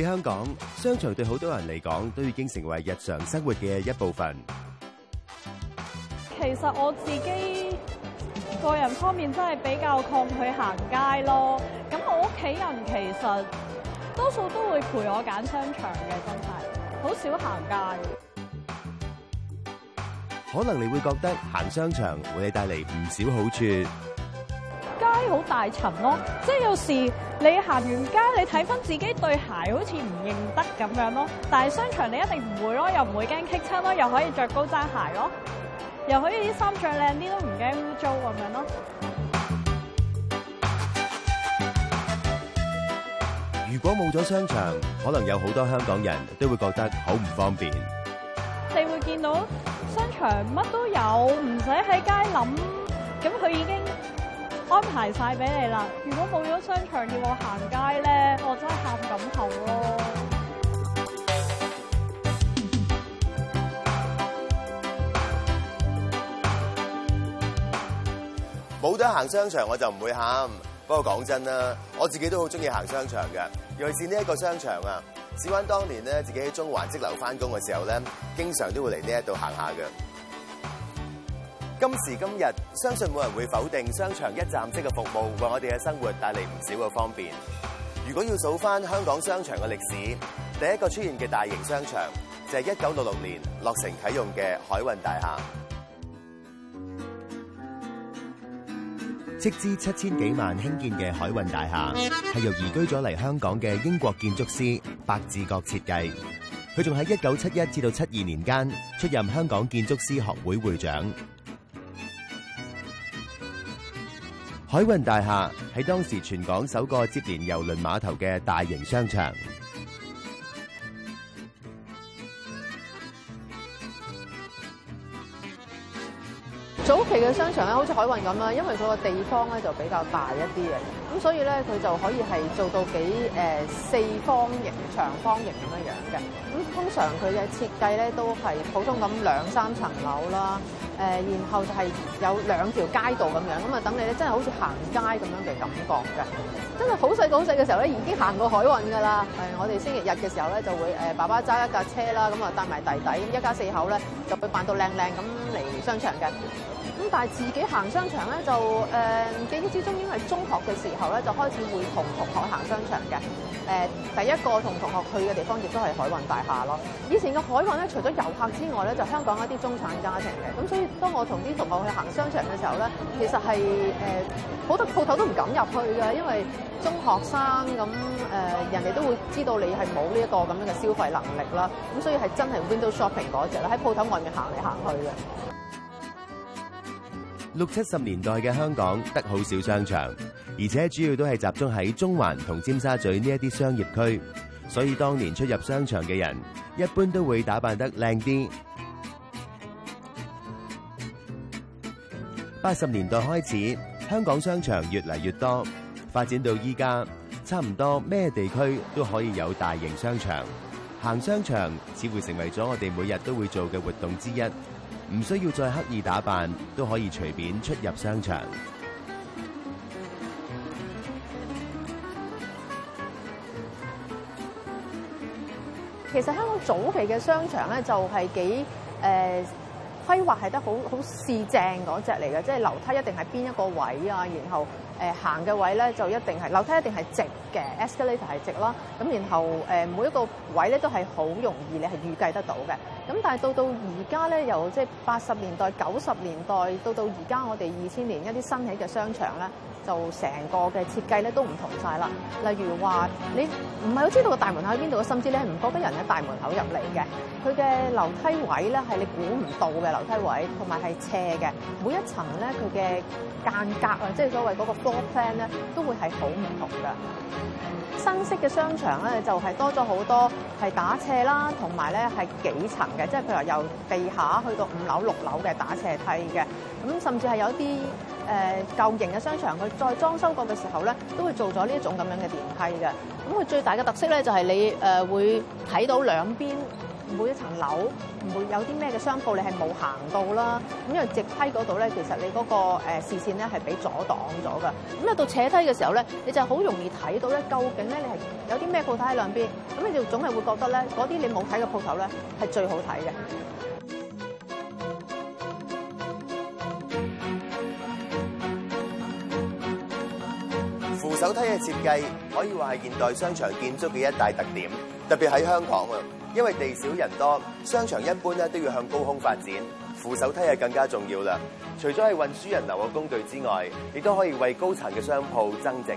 喺香港，商場對好多人嚟講都已經成為日常生活嘅一部分。其實我自己個人方面真係比較抗拒行街咯。咁我屋企人其實多數都會陪我揀商場嘅，真係好少行街。可能你會覺得行商場為你帶嚟唔少好處。街好大塵咯，即係有時你行完街，你睇翻自己對鞋好似唔認得咁樣咯。但係商場你一定唔會咯，又唔會驚黐親咯，又可以着高踭鞋咯，又可以啲衫着靚啲都唔驚污糟咁樣咯。如果冇咗商場，可能有好多香港人都會覺得好唔方便。你會見到商場乜都有，唔使喺街諗，咁佢已經，安排晒俾你啦！如果冇咗商場要我行街咧，我真係喊咁口咯。冇得行商場我就唔會喊。不過講真啦，我自己都好中意行商場嘅，尤其是呢一個商場啊。志安當年咧，自己喺中環職樓翻工嘅時候咧，經常都會嚟呢一度行下嘅。今時今日，相信冇人會否定商場一站式嘅服務為我哋嘅生活帶嚟唔少嘅方便。如果要數返香港商場嘅歷史，第一個出現嘅大型商場就係一九六六年落成啟用嘅海運大廈。斥資七千幾萬興建嘅海運大廈係由移居咗嚟香港嘅英國建築師白志國設計。佢仲喺一九七一至到七二年間出任香港建築師學會會,會長。海運大廈喺當時全港首個接連郵輪碼頭嘅大型商場。早期嘅商場咧，好似海運咁啦，因為個地方咧就比較大一啲嘅，咁所以咧佢就可以係做到幾誒、呃、四方形、長方形。咁通常佢嘅設計咧都係普通咁兩三層樓啦，誒，然後就係有兩條街道咁樣，咁啊等你真係好似行街咁樣嘅感覺嘅，真係好細個好細嘅時候咧已經行過海運㗎喇，誒，我哋星期日嘅時候咧就會誒爸爸揸一架車啦，咁啊帶埋弟弟，一家四口咧就會扮到靚靚咁嚟商場嘅。咁但係自己行商場咧就誒，呃、記憶之中應該係中學嘅時候咧就開始會同同學行商場嘅。誒、呃，第一個同同學去嘅地方亦都係海運大廈咯。以前嘅海運咧，除咗遊客之外咧，就香港一啲中產家庭嘅。咁所以當我同啲同學去行商場嘅時候咧，其實係誒好多鋪頭都唔敢入去㗎，因為中學生咁誒、呃，人哋都會知道你係冇呢一個咁樣嘅消費能力啦。咁所以係真係 window shopping 嗰隻啦，喺鋪頭外面行嚟行去嘅。六七十年代嘅香港得好少商場，而且主要都係集中喺中環同尖沙咀呢一啲商業區，所以當年出入商場嘅人一般都會打扮得靚啲。八十年代開始，香港商場越嚟越多，發展到依家，差唔多咩地區都可以有大型商場。行商場似乎成為咗我哋每日都會做嘅活動之一。唔需要再刻意打扮，都可以隨便出入商場。其實香港早期嘅商場咧，就係幾誒規劃係得好好四正嗰隻嚟嘅，即係樓梯一定係邊一個位啊，然後誒、呃、行嘅位咧就一定係樓梯一定係直嘅，escalator 係直啦。咁然後誒、呃、每一個位咧都係好容易你係預計得到嘅。咁但係到到而家咧，由即係八十年代、九十年代到到而家，我哋二千年一啲新起嘅商場咧，就成個嘅設計咧都唔同晒啦。例如話你唔係好知道個大門口喺邊度，甚至咧唔覺得人喺大門口入嚟嘅。佢嘅樓梯位咧係你估唔到嘅樓梯位，同埋係斜嘅。每一層咧佢嘅間隔啊，即係所謂嗰個 floor plan 咧，都會係好唔同嘅。新式嘅商場咧就係、是、多咗好多係打斜啦，同埋咧係幾層。嘅，即係譬如由地下去到五樓六樓嘅打斜梯嘅，咁甚至係有啲誒、呃、舊型嘅商場，佢再裝修過嘅時候咧，都會做咗呢一種咁樣嘅電梯嘅。咁、嗯、佢最大嘅特色咧，就係、是、你誒、呃、會睇到兩邊。每一層樓唔會有啲咩嘅商鋪，你係冇行到啦。咁因為直梯嗰度咧，其實你嗰個誒視線咧係俾阻擋咗㗎。咁咧到斜梯嘅時候咧，你就好容易睇到咧，究竟咧你係有啲咩鋪頭喺兩邊。咁你就總係會覺得咧，嗰啲你冇睇嘅鋪頭咧係最好睇嘅。扶手梯嘅設計可以話係現代商場建築嘅一大特點。特別喺香港啊，因為地少人多，商場一般咧都要向高空發展，扶手梯係更加重要啦。除咗係運輸人流嘅工具之外，亦都可以為高層嘅商鋪增值。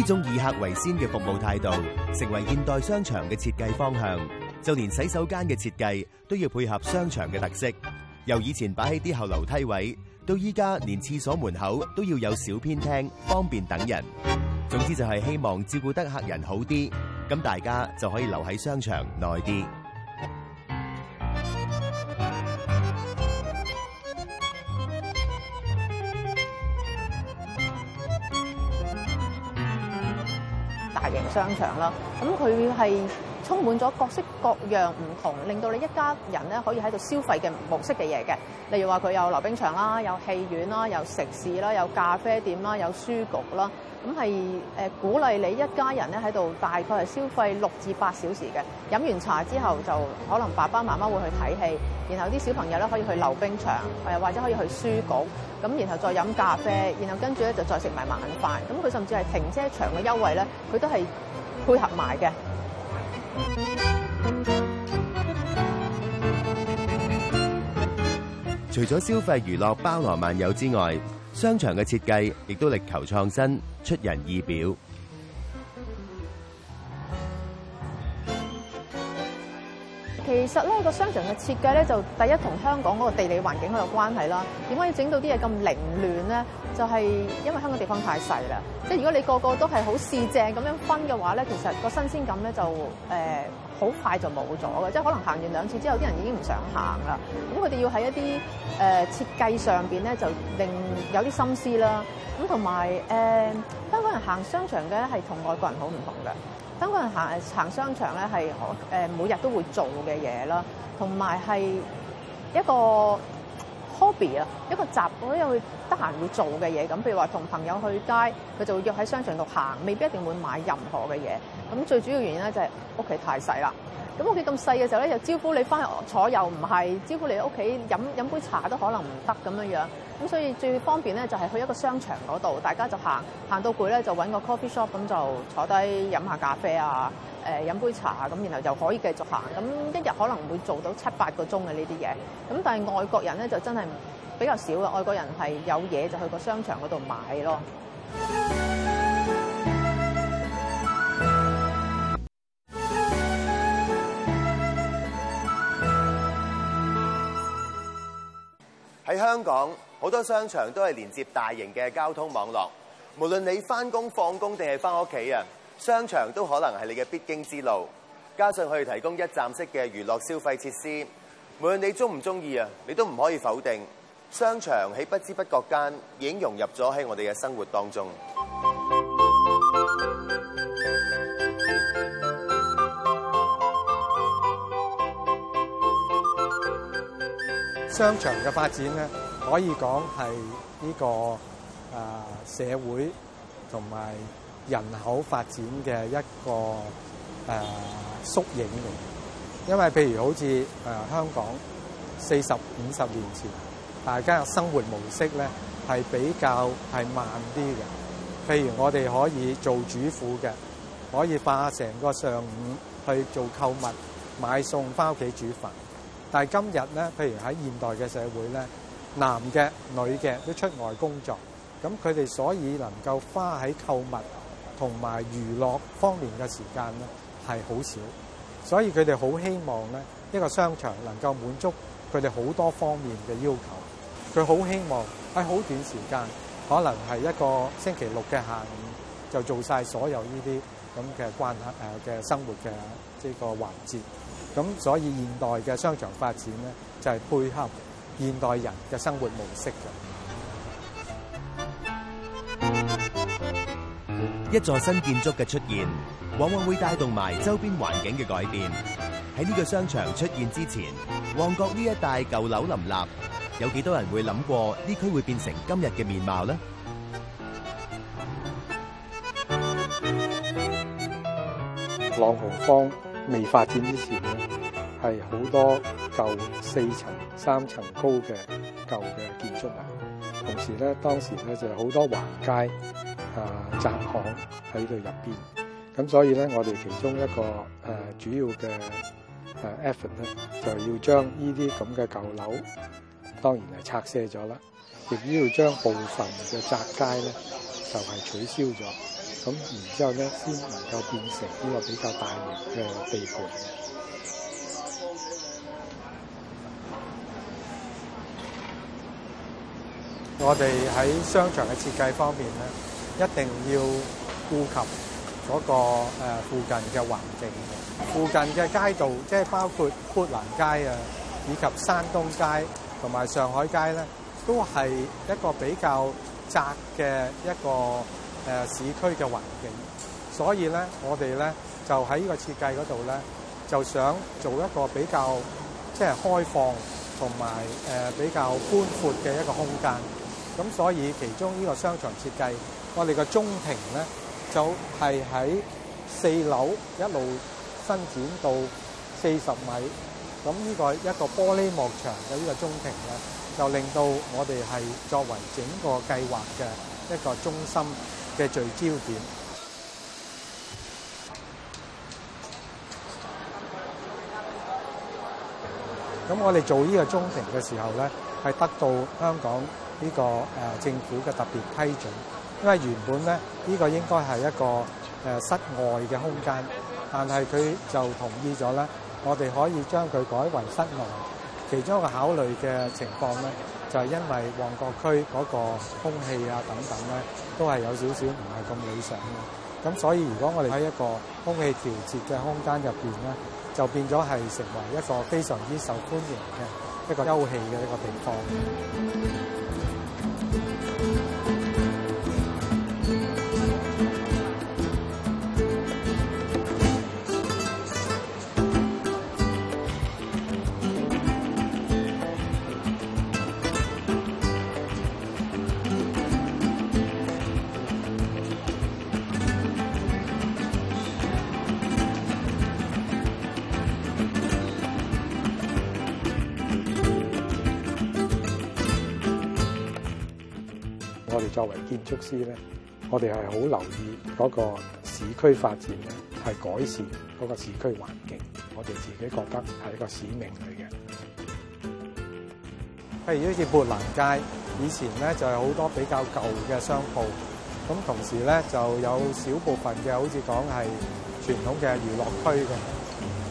呢種以客為先嘅服務態度，成為現代商場嘅設計方向。就連洗手間嘅設計都要配合商場嘅特色。由以前擺喺啲後樓梯位，到依家連廁所門口都要有小偏廳，方便等人。總之就係希望照顧得客人好啲，咁大家就可以留喺商場耐啲。商場啦，咁佢係。充滿咗各式各樣唔同，令到你一家人咧可以喺度消費嘅模式嘅嘢嘅。例如話佢有溜冰場啦，有戲院啦，有食肆啦，有咖啡店啦，有書局啦。咁係誒鼓勵你一家人咧喺度大概係消費六至八小時嘅。飲完茶之後就可能爸爸媽媽會去睇戲，然後啲小朋友咧可以去溜冰場，誒或者可以去書局，咁然後再飲咖啡，然後跟住咧就再食埋晚飯。咁佢甚至係停車場嘅優惠咧，佢都係配合埋嘅。除咗消費娛樂包羅萬有之外，商場嘅設計亦都力求創新，出人意表。其實咧個商場嘅設計咧就第一同香港嗰個地理環境有關係啦。點可以整到啲嘢咁凌亂咧？就係、是、因為香港地方太細啦。即係如果你個個都係好四正咁樣分嘅話咧，其實個新鮮感咧就誒好、呃、快就冇咗嘅。即係可能行完兩次之後，啲人已經唔想行啦。咁佢哋要喺一啲誒設計上邊咧就另有啲心思啦。咁同埋誒香港人行商場嘅咧係同外國人好唔同嘅。香港人行行商場咧係我誒每日都會做嘅嘢啦，同埋係一個 hobby 啊，一個集，我會得閒會做嘅嘢。咁譬如話同朋友去街，佢就會約喺商場度行，未必一定會買任何嘅嘢。咁最主要原因咧就係屋企太細啦。咁屋企咁細嘅時候咧，又招呼你翻嚟坐又唔係，招呼你屋企飲飲杯茶都可能唔得咁樣樣。咁所以最方便咧就係、是、去一個商場嗰度，大家就行行到攰咧就揾個 coffee shop 咁就坐低飲下咖啡啊，誒、呃、飲杯茶啊，咁然後就可以繼續行。咁一日可能會做到七八個鐘嘅呢啲嘢。咁但係外國人咧就真係比較少啊，外國人係有嘢就去個商場嗰度買咯。香港好多商場都係連接大型嘅交通網絡，無論你返工放工定係返屋企啊，商場都可能係你嘅必經之路。加上可以提供一站式嘅娛樂消費設施，無論你鍾唔鍾意啊，你都唔可以否定，商場喺不知不覺間已經融入咗喺我哋嘅生活當中。商場嘅發展咧，可以講係呢個啊、呃、社會同埋人口發展嘅一個誒、呃、縮影。因為譬如好似誒、呃、香港四十五十年前，大家嘅生活模式咧係比較係慢啲嘅。譬如我哋可以做主婦嘅，可以化成個上午去做購物、買餸、返屋企煮飯。但係今日咧，譬如喺現代嘅社會咧，男嘅、女嘅都出外工作，咁佢哋所以能夠花喺購物同埋娛樂方面嘅時間咧係好少，所以佢哋好希望咧一個商場能夠滿足佢哋好多方面嘅要求。佢好希望喺好短時間，可能係一個星期六嘅下午就做晒所有呢啲，咁嘅關係誒嘅生活嘅即個環節。咁所以現代嘅商場發展呢，就係配合現代人嘅生活模式嘅。一座新建築嘅出現，往往會帶動埋周邊環境嘅改變。喺呢個商場出現之前，旺角呢一帶舊樓林立，有幾多人會諗過呢區會變成今日嘅面貌呢？朗豪坊。未發展之前咧，係好多舊四層、三層高嘅舊嘅建築物，啊，同時咧，當時咧就係好多橫街啊、窄巷喺度入邊，咁所以咧，我哋其中一個誒、呃、主要嘅誒 effort 咧，就要將呢啲咁嘅舊樓。當然係拆卸咗啦，亦都要將部分嘅窄街咧就係、是、取消咗。咁然之後咧先能夠變成呢個比較大型嘅地盤。 我哋喺商場嘅設計方面咧，一定要顧及嗰個附近嘅環境，附近嘅街道，即、就、係、是、包括觀瀾街啊，以及山東街。同埋上海街咧，都係一個比較窄嘅一個誒、呃、市區嘅環境，所以咧，我哋咧就喺呢個設計嗰度咧，就想做一個比較即係開放同埋誒比較寬闊嘅一個空間，咁所以其中呢個商場設計，我哋嘅中庭咧就係、是、喺四樓一路伸展到四十米。咁呢個一個玻璃幕牆嘅呢個中庭咧，就令到我哋係作為整個計劃嘅一個中心嘅聚焦點。咁我哋做呢個中庭嘅時候咧，係得到香港呢個誒政府嘅特別批准，因為原本咧呢個應該係一個誒室外嘅空間，但係佢就同意咗咧。我哋可以將佢改為室內，其中一個考慮嘅情況咧，就係、是、因為旺角區嗰個空氣啊等等咧，都係有少少唔係咁理想嘅。咁所以如果我哋喺一個空氣調節嘅空間入邊咧，就變咗係成為一個非常之受歡迎嘅一個休憩嘅一個地方。作為建築師咧，我哋係好留意嗰個市區發展咧，係改善嗰個市區環境，我哋自己覺得係一個使命嚟嘅。譬如好似砵蘭街，以前咧就係好多比較舊嘅商鋪，咁同時咧就有少部分嘅好似講係傳統嘅娛樂區咁。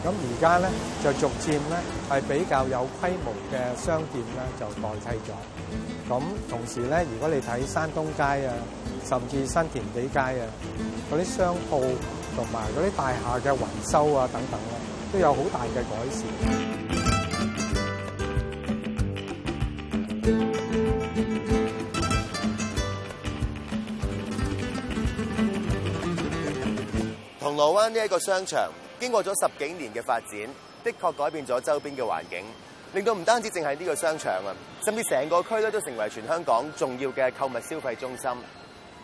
咁而家咧就逐漸咧係比較有規模嘅商店咧就代替咗。咁同時咧，如果你睇山東街啊，甚至新填地街啊，嗰啲商鋪同埋嗰啲大廈嘅維修啊等等咧，都有好大嘅改善。銅鑼灣呢一個商場。經過咗十幾年嘅發展，的確改變咗周邊嘅環境，令到唔單止淨係呢個商場啊，甚至成個區咧都成為全香港重要嘅購物消費中心。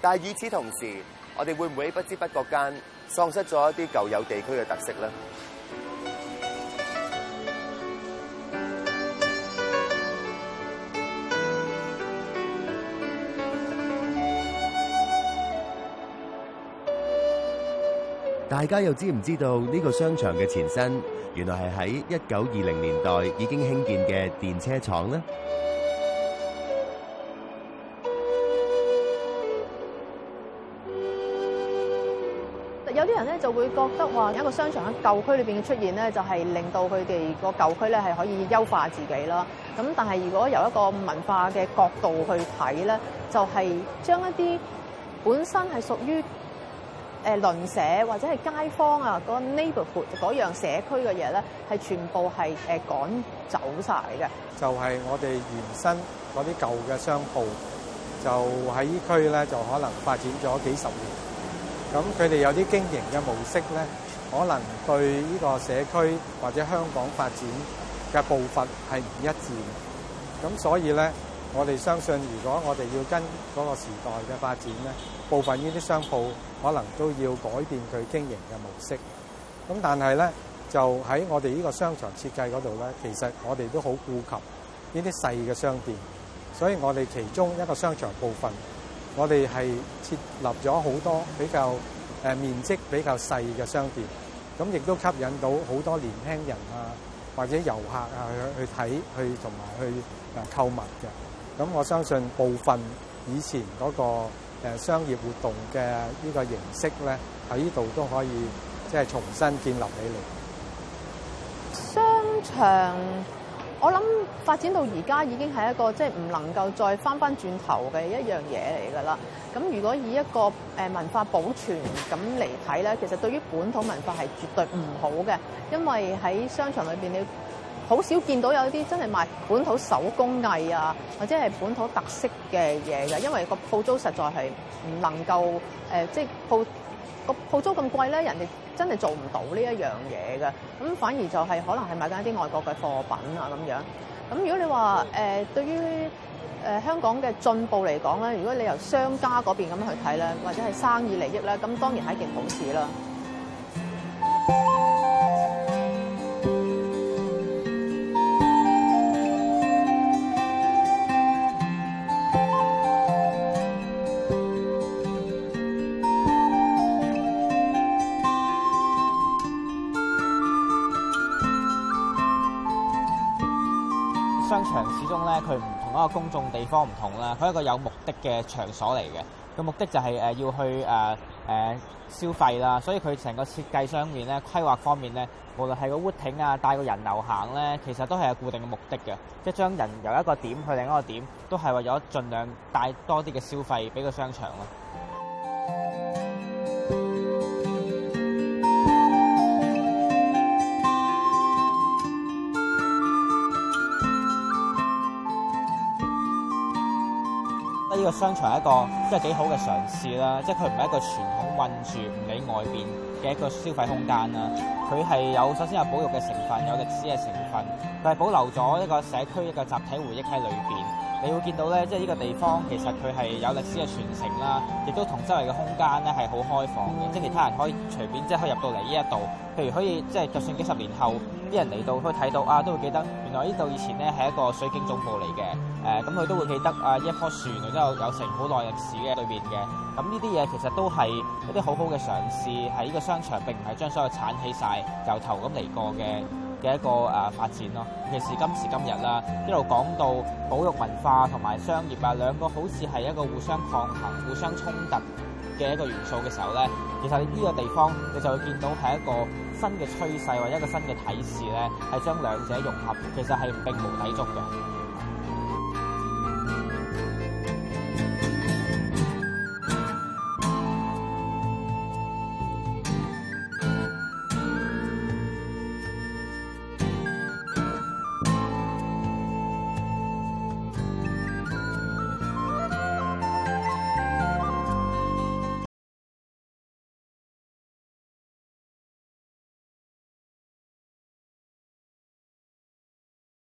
但係，與此同時，我哋會唔會喺不知不覺間喪失咗一啲舊有地區嘅特色呢？大家又知唔知道呢個商場嘅前身，原來係喺一九二零年代已經興建嘅電車廠呢？有啲人咧就會覺得話，一個商場喺舊區裏邊嘅出現咧，就係令到佢哋個舊區咧係可以優化自己啦。咁但係如果由一個文化嘅角度去睇咧，就係將一啲本身係屬於。誒鄰舍或者係街坊啊，個 neighborhood 嗰樣社區嘅嘢咧，係全部係誒趕走晒嘅。就係我哋原生嗰啲舊嘅商鋪，就喺依區咧，就可能發展咗幾十年。咁佢哋有啲經營嘅模式咧，可能對呢個社區或者香港發展嘅步伐係唔一致嘅。咁所以咧，我哋相信，如果我哋要跟嗰個時代嘅發展咧，部分呢啲商鋪。可能都要改變佢經營嘅模式，咁但係呢，就喺我哋呢個商場設計嗰度呢，其實我哋都好顧及呢啲細嘅商店，所以我哋其中一個商場部分，我哋係設立咗好多比較誒、呃、面積比較細嘅商店，咁、嗯、亦都吸引到好多年輕人啊，或者遊客啊去去睇去同埋去、呃、購物嘅，咁、嗯、我相信部分以前嗰、那個。誒商業活動嘅呢個形式咧，喺呢度都可以即係重新建立起嚟。商場，我諗發展到而家已經係一個即係唔能夠再返返轉頭嘅一樣嘢嚟㗎啦。咁如果以一個誒文化保存咁嚟睇咧，其實對於本土文化係絕對唔好嘅，因為喺商場裏邊你。好少見到有啲真係賣本土手工藝啊，或者係本土特色嘅嘢嘅，因為個鋪租實在係唔能夠誒、呃，即係鋪個鋪租咁貴咧，人哋真係做唔到呢一樣嘢嘅。咁反而就係可能係買緊一啲外國嘅貨品啊咁樣。咁如果你話誒、呃、對於誒、呃、香港嘅進步嚟講咧，如果你由商家嗰邊咁樣去睇咧，或者係生意利益咧，咁當然係一件好事啦。商場始終咧，佢唔同一個公眾地方唔同啦，佢係一個有目的嘅場所嚟嘅。個目的就係誒要去誒誒、呃呃、消費啦，所以佢成個設計上面咧、規劃方面咧，無論係個屋頂啊、帶個人流行咧，其實都係有固定嘅目的嘅，即係將人由一個點去另一個點，都係為咗盡量帶多啲嘅消費俾個商場咯。個商場係一個即係幾好嘅嘗試啦，即係佢唔係一個傳統困住唔理外邊嘅一個消費空間啦。佢係有首先有保育嘅成分，有歷史嘅成分，但係保留咗一個社區一個集體回憶喺裏邊。你會見到咧，即係呢個地方其實佢係有歷史嘅傳承啦，亦都同周圍嘅空間咧係好開放嘅，即係其他人可以隨便即係可以入到嚟呢一度。譬如可以即係就算幾十年後啲人嚟到可以睇到啊，都會記得原來呢度以前咧係一個水警總部嚟嘅。誒咁佢都會記得啊，一棵樹然之後有成好耐歷史嘅對面嘅，咁呢啲嘢其實都係一啲好好嘅嘗試，喺呢個商場並唔係將所有鏟起晒由頭咁嚟過嘅嘅一個誒、呃、發展咯。尤其是今時今日啦，一路講到保育文化同埋商業啊兩個好似係一個互相抗衡、互相衝突嘅一個元素嘅時候咧，其實呢個地方你就會見到係一個新嘅趨勢或者一個新嘅體示咧，係將兩者融合，其實係並無抵觸嘅。